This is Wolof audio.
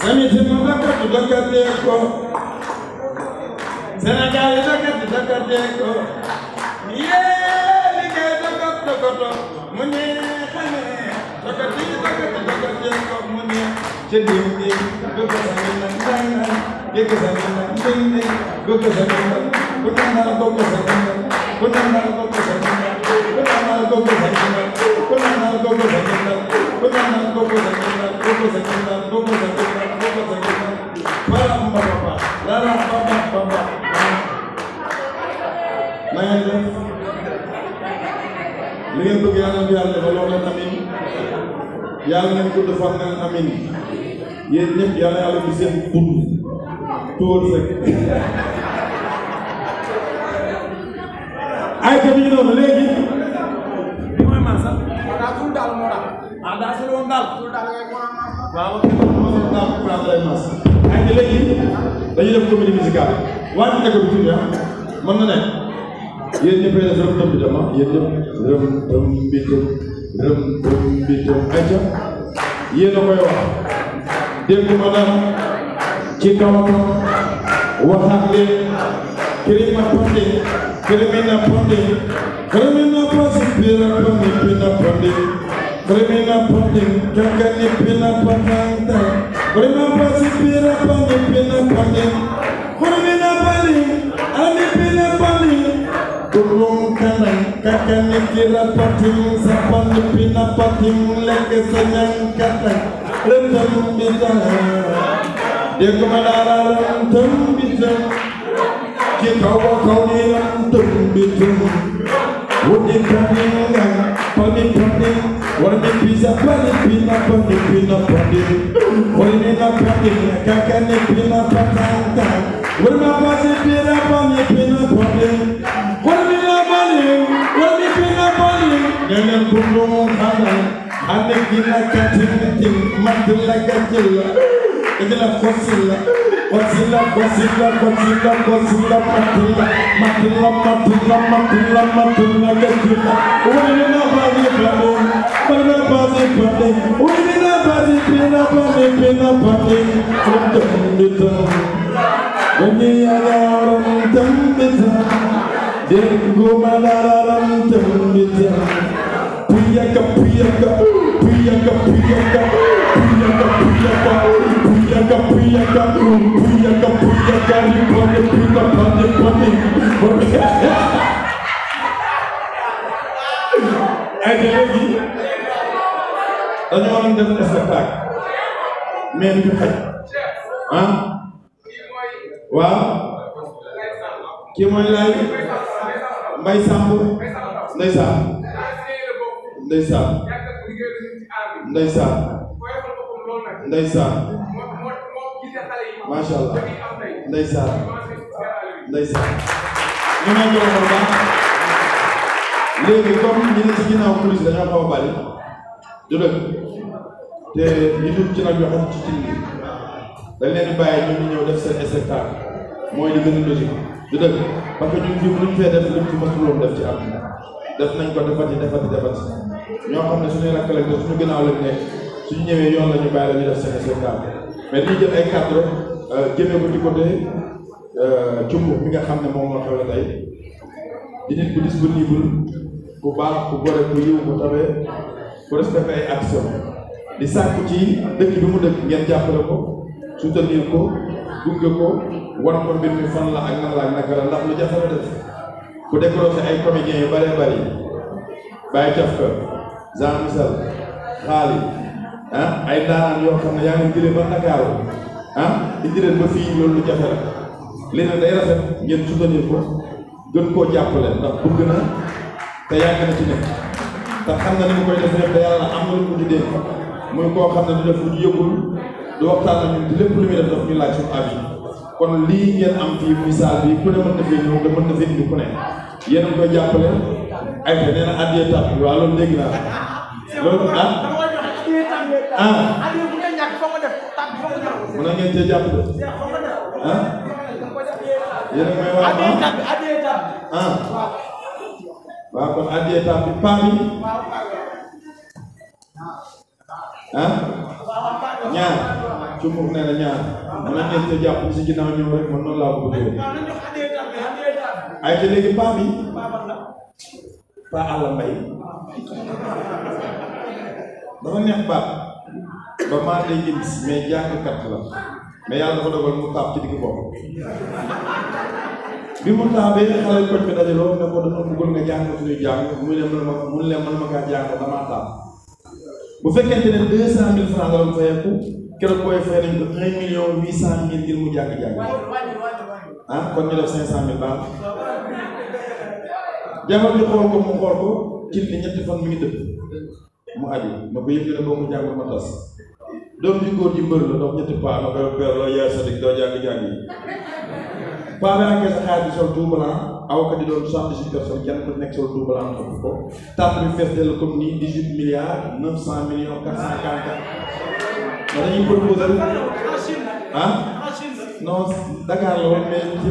Sami you mo daka tu daka de ko. Sena ga le daka tu daka de ko. Ye li ga daka tu daka to. Mune khane. Daka ti daka tu daka de ko mune. Che di mune. Daka sa ni na na na. Ye ka sa ni na na na. Daka sa ni na. Kuna na daka sa ni na. li ngeen bëgg yàlla na yàlla defal loolu leen amin yàlla nañ ko defal ngeen amin yéen ñëpp yàlla yàlla bi seen bund tóor rek ay te ñu noonu léegi mooy man sax daa tul daal moo tax ah daa sul woon daal tul daal ngay mën a mas waaw moo daal ko daal lay mas ay te léegi dañuy def comédie musicale wàññi nekk bi tuuti ah mën na nekk yéen ñëpp yéen a rëm bi dama yéen ñëpp rëm rëm bi tam rëm rëm bi tam ayca yéen a koy wax dégg ma nag ci kawam waxaat leen këri ma ponde këri mi na ponde këri mi na ponde pira ponde pina ponde këri mi na ponde kangani pina ponde këri mi na ponde pira ponde pina ponde Sakani kirapatim Sapan pinapatim Leke senyang katak Rendam bidang Dia kemadara rendam bidang Kita wakau di rendam bidang Wudi paning Paning paning Wadi bisa paning pina paning pina paning Wadi nina paning Kakani pina patang Nene kumbu mukana, ane kila katika tim, matila katila, katila kusila, kusila, kusila, kusila, kusila, matila, matila, matila, matila, matila katila. Uli na bazi kambu, bana bazi kambu, uli na bazi pina bazi pina bazi, kumbu mita. Umi agaram tumbita, dengu madaram tumbita. Priyanka, Priyanka, Priyanka, Priyanka, Priyanka, Priyanka, Priyanka, Priyanka, Priyanka, Pani, Priyanka, Pani, Pani. And the lady, anyone that is a fact, men you had. Huh? Wow. ndeysaan ndeysaan ndeysaan macha allah ndeysaan ndeysaan ñu ngi ñëw baax léegi comme ñu ne ci ginnaaw police dañoo xaw a bari du dëgg te ñu dugg ci nag yoo xam ci cin dañ leen bàyyi ñu ñëw def seen spectacle mooy li gën a logique du dëgg parce que ñun ñëpp luñ fee def luñ ci mësuloon def ci am def nañ ko defati defati defati ñoo xam ne suñuy rakk lañ ne suñu gannaaw lañ nekk suñu ñëwee yoon la bàyyi la def seen seen mais dañuy jël ko ci côté nga xam moom la tey di nit bu disponible ko soutenir ko gunge ko ko mbir mi fan la ak nan la ak naka la ndax lu jafe def ku décroché ay comédiens yu bëree bëri Cafka Jean Michel Xaali ah ay ndaanaan yoo xam ne yaa ngi jëlee ba Ndakaaru ah indi leen ba fii loolu lu jafe la li na day rafet ngeen soutenir ko gën koo jàppale ndax bëgg na te yàgg na ci nekk te xam na ni mu koy def lépp da yàlla am na lu ko tuddee muy koo xam ne du def lu ñu yëgul du waxtaan ak ñun lépp lu muy def daf ñu laaj suñu avis kon lii ngeen am fii muy saal bi ku ne mën na fee ñëw te mën na fee indi yéen a ngi koy jàppale ay te neena na addiya tax waaw loolu dégg naa loolu ah ah mu ne ngeen cee jàpp ah yéen may wax ah waaw kon addiya tax bi paa bi ah ñaar ci mu nee na ñaar mu ne ngeen cee jàpp si ginnaaw ñëw rek man noonu laa ko bëggee ay te legi pa bi pa ala mbay dama neex baat ba ma lay day ins mais kat la mais yalla dafa dogal mu tap ci digg bopp bi mu taabee xale ko bi dajé lo ne ko dafa bëggoon nga jàng suñu jàng mu ne mën ma mu ne man ma kaa jàng dama taab bu fekkante ne 200000 francs mille franc la doon fayeeku keroog koy fay ne ko un million huit cent mille ngir mu jàng jàng ah kon ñu def 500000 cent jàngal ñu xool ko mu xool ko cin li ñetti fan mi ngi dëpp mu aju ma ko yëg ne mu jàng ma tas doom ji góor ji la dox ma sadik jàng jàng yi sa xaar sol aw di doon soixante dix-huit personnes kenn ku nekk sol tuubalaan topp ko tàpp bi fees dell comme nii dix milliards neuf millions quatre cent quarante ma ah non Dakar la woon mais ci